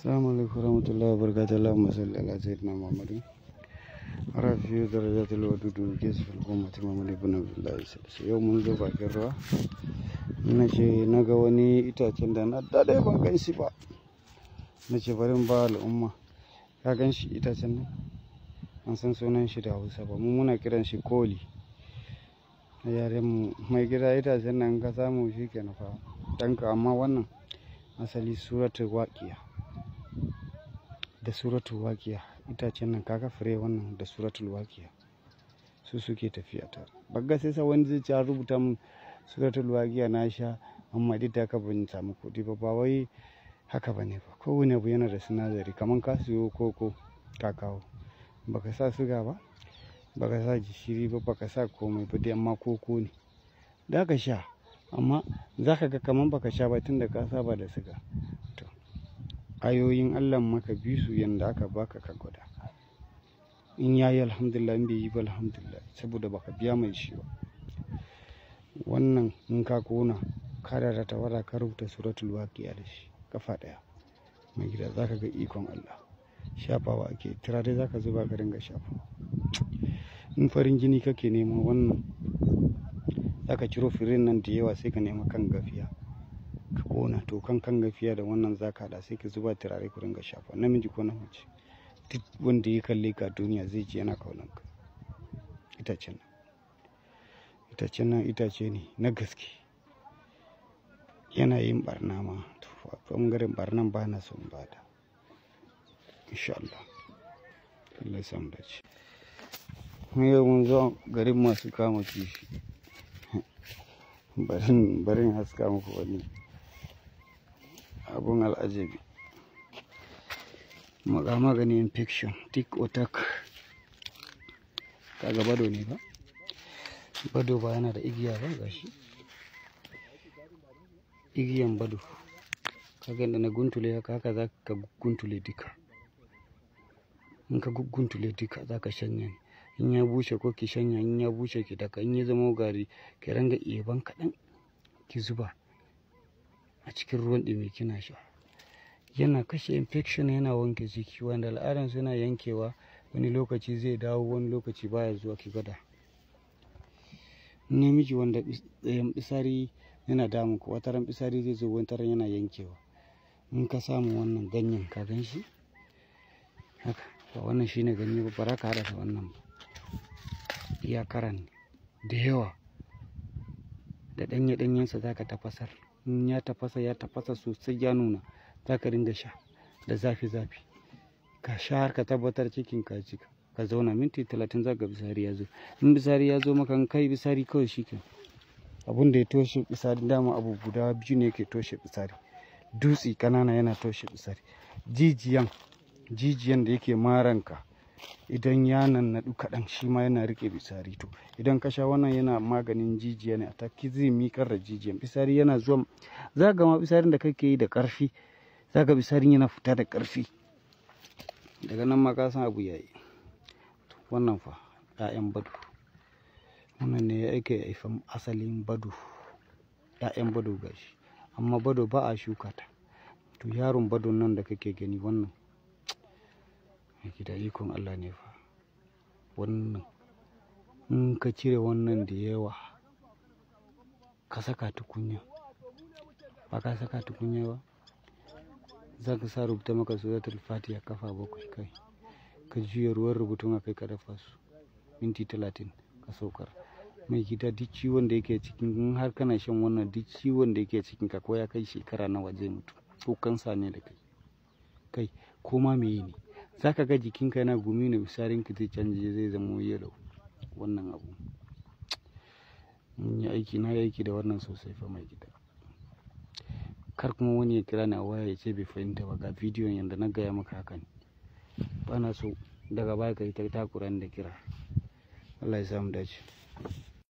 Assalamu alaikum warahmatullahi wabarakatuh Allahumma salli ala sayyidina Muhammadin rafiyu darajatul wadudu kesu fil ummati Muhammad ibn Abdullah yau mun zo bakin ruwa Ina ce na ga wani itacen da na dade ban ganshi ba na ce bari ba al'umma ka ganshi itacen nan an san sunan shi da Hausa ba mu muna kiran shi koli yaren mu mai gida itacen nan ka samu shi kenan fa danka amma wannan asali suratul waqiya da suratul waqiya itacen nan kaga fure wannan da suratul waqiya su suke tafiya ta bagga sai sa wani zai ci rubuta min suratul waqiya na sha amma duk da ka ban samu kuɗi ba ba wai haka bane ba kowane abu yana da sinadari kaman ka siyo koko ka kawo baka sa suga ba baka sa gishiri ba baka sa komai ba dai amma koko ne da ka sha amma za ka ga kamar baka sha ba tunda da ka saba da suga to ayoyin allah maka bi su yanda aka baka ka gwada in ya yi alhamdulillah in bai yi ba alhamdulillah saboda baka biya mai shi ba wannan in ka kona karara ta wada ka rubuta suratul waqiya da shi kafa daya mai gida zaka ga ikon Allah shafawa ake turare zaka zuba garin dinga shafa in farin jini kake nema wannan zaka ciro firin nan da yawa sai ka nema kan gafiya to kan kan gafiya da wannan zaka da sai ki zuba turare ku dinga shafa namiji ko na mace duk wanda ya kalle ka duniya zai ji yana kaunanka itacen nan itacen nan itace ne na gaske yana yin barna ma to a bangaren barnan ba na son da insha Allah Allah ya samu dace yau mun zo garin masu kama kifi barin haska muku wani abun al'ajabi maga magani infection tick otak kaga bado ne ba bado ba yana da igiya ba gashi igiyan bado kaga inda na guntule haka haka za ka guntule duka in ka guntule duka za ka shanya ne in ya bushe ko ki shanya in ya bushe ki daka in ya zama gari ki ranga iban kaɗan ki zuba a cikin ruwan ɗumi kina sha yana kashe infection yana wanke jiki wanda al'adan suna yankewa wani lokaci zai dawo wani lokaci baya zuwa ki gwada namiji wanda eh, fitsari yana damun ku ran fitsari zai zo wataran yana yankewa in ka samu wannan ganyen ka gan shi haka ba wannan shine ganye ba ba za ka haɗa da wannan ba iya karan da yawa da ɗanye ɗanyen sa ka tafasar in ya tafasa ya tafasa sosai ya nuna za ka ringa sha da zafi zafi ka sha har ka tabbatar cikin ka cika ka zauna minti talatin zaka ka bisari ya zo in bisari ya zo maka kai bisari kawai shi ke da ya toshe bisari dama abu guda biyu ne ke toshe bisari dutse kanana yana toshe bisari jijiyan jijiyan da yake maranka idan ya nannaɗu kaɗan shi ma yana riƙe bisari to idan ka sha wannan yana maganin jijiya ne a zai miƙar da jijiyan bisari yana zuwa za ga ma bisarin da kake yi da ƙarfi za ga bisarin yana fita da ƙarfi daga nan ma ka san abu yayi wannan fa 'ya'yan badu wannan ne ya yake haifan asalin badu 'ya'yan bado gashi amma bado ba a shuka ta to yaron bado nan da kake gani wannan gida ikon Allah ne fa wannan in ka cire wannan da yawa ka saka tukunya ba ka saka tukunya ba za ka sa rubuta maka suratul a kafa bakwai kai ka juya ruwan rubutun a kai ka dafa su minti talatin ka saukar mai gida duk ciwon da yake cikin in har kana shan wannan duk ciwon da yake cikin ka ko ya kai shekara na waje mutu ko kansa ne da kai kai ko ma meye ne zaka ka ga jikinka yana gumi ne ka zai canje zai zama yellow wannan abu mun yi aiki na yi aiki da wannan sosai fa mai gida kar kuma wani ya kira ni a waya ya ce bai fahimta ba ga bidiyon yadda na gaya maka hakan ba na so daga baya ka yi ta takura da kira Allah ya samu dace